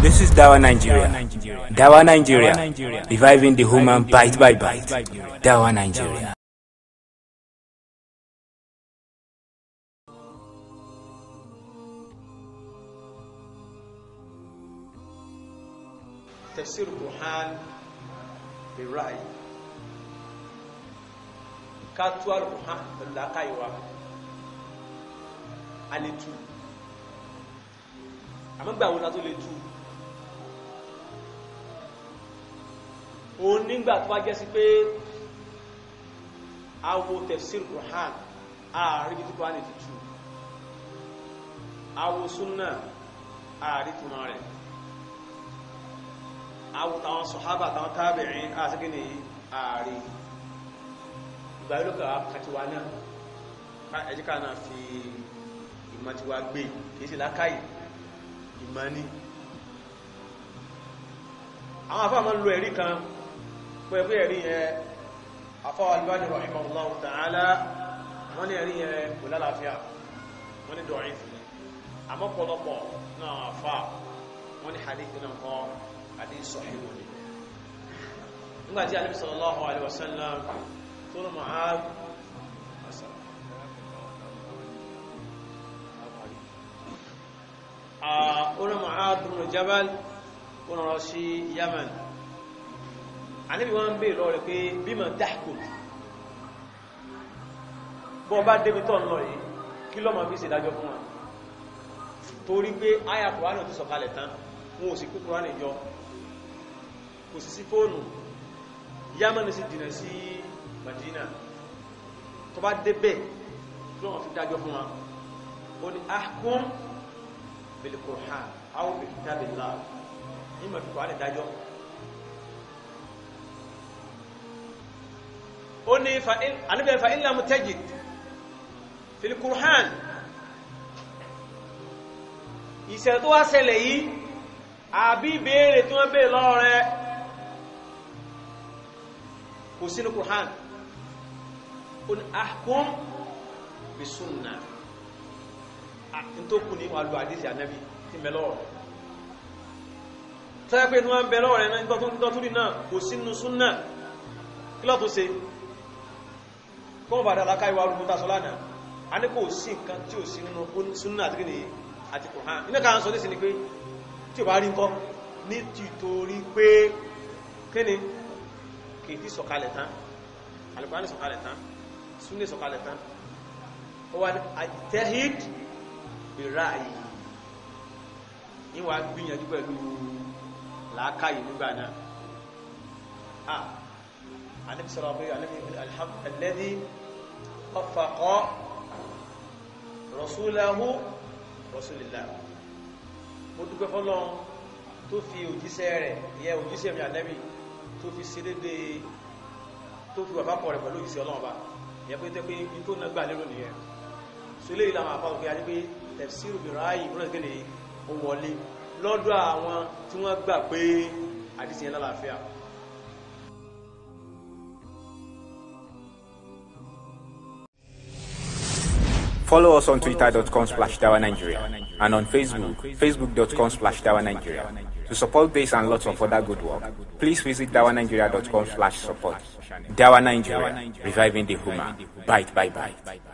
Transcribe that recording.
This is Dawa Nigeria. Dawa Nigeria. Reviving the human bite by bite. Dawa Nigeria. تفسير القرآن بالرأي كاتوا القرآن I على تو أما بعد ولا òun nígbà tó bá jẹ́ sí pé awo tafsir Qur'an ààrí bí tíkọ́ ní tuntun awo súnà ààrí túnmọ̀ rẹ̀ awo táwọn sọ̀hábà táwọn tábìrín àṣíkí ní ààrí ìgbà yóò kà kàtíwá náà ẹjíká náà fi ìmọ̀ tí wá gbé kìí sí lákàí ìmọ̀ ní àwọn afẹ́ lo ẹ̀rí kan pé pé ẹ̀rí yẹn afọ́wà albani rahimahullahu ta'ala wọ́n ní ẹ̀rí yẹn kò lálàáfíà wọ́n ní dọ̀rin fún ní àmọ́ pọ̀lọpọ̀ náà fà wọ́n ní hadith náà kọ́ hadith sahih ni nígbà tí alẹ́bí ah, jabal ó rọ sí àníbi wọ́n ń bèèrè lọ rẹ̀ pé bímọ̀ dáìkò bọ́ bá débi tọ́ lọ yìí kí lọ́mọ fi ṣèdájọ́ fún wa torí pé àyà kùránì ti sọ̀kalẹ̀ tán wọn ò sì kú kùránì jọ kò sì sí fóònù yámánì sì dìnà sí Madina tó bá kí lọ́mọ fi dájọ́ fún wa ó ní ahkum bil Qur'an aw bi kitabillah mọ̀ fi kùránì dájọ́ ó ní àníbẹ̀ fa ilẹ̀ mu tẹ́jì filikurhan ìṣẹ̀lẹ̀ tó wá ṣẹlẹ̀ yìí àbí ìbéèrè tí wọ́n béèrè lọ́wọ́ rẹ̀ kò sínú kurhan ó ní ahkum bisunna ntokun ni wàá lu àdìsí ànábì tí ń bẹ lọ́wọ́ rẹ̀ pé ní wọ́n bẹ lọ́wọ́ rẹ̀ náà nítorí náà kò sínú súnà kí lọ́ọ́ ṣe kọ́mọ̀ bàdà aláká ìwà olùmúta sọ lánàá a ní kò sí nǹkan tí ò sí nínú súnà àti kìnnìyàn àti kòhán iná ká sọ nísìn ni pé tí ò bá rí ń kọ́ ní tìtorí pé kíni kì í ti sọ̀kalẹ̀ tán alùpàá ní sọ̀kalẹ̀ tán súnà sọ̀kalẹ̀ tán ó wà ní àtẹ́hìd ìrà yìí níwà gbìyànjú pẹ̀lú làákà nígbà náà ah alẹ́bí sọ̀rọ̀ pé alẹ́bí alẹ́bí khafaqa rasulahu rasulillah mo dúpẹ́ fọ́lọ́run tó fi òjíṣẹ́ rẹ̀ ìyẹn òjíṣẹ́ mi ànábì tó fi ṣeréde tó fi wàfà pọ̀ rẹ̀ pẹ̀lú òjíṣẹ́ ọlọ́run bá ìyẹn pé tẹ́ pé ibi tó náà gbà lérò nìyẹn sólè ìlànà àpá òkè adé pé tafsir bìráyì búrọ̀dẹ́gẹ́lẹ̀ ó wọlé lọ́dọ̀ àwọn tí wọ́n gbà pé àdìsí lálàáfíà Follow us on twitter.com slash Dawa Nigeria and on Facebook, facebook.com slash Dawa Nigeria. To support this and lots of other good work, please visit dawanigeria.com slash support. Dawa Nigeria, reviving the human. Bye, bye, bye.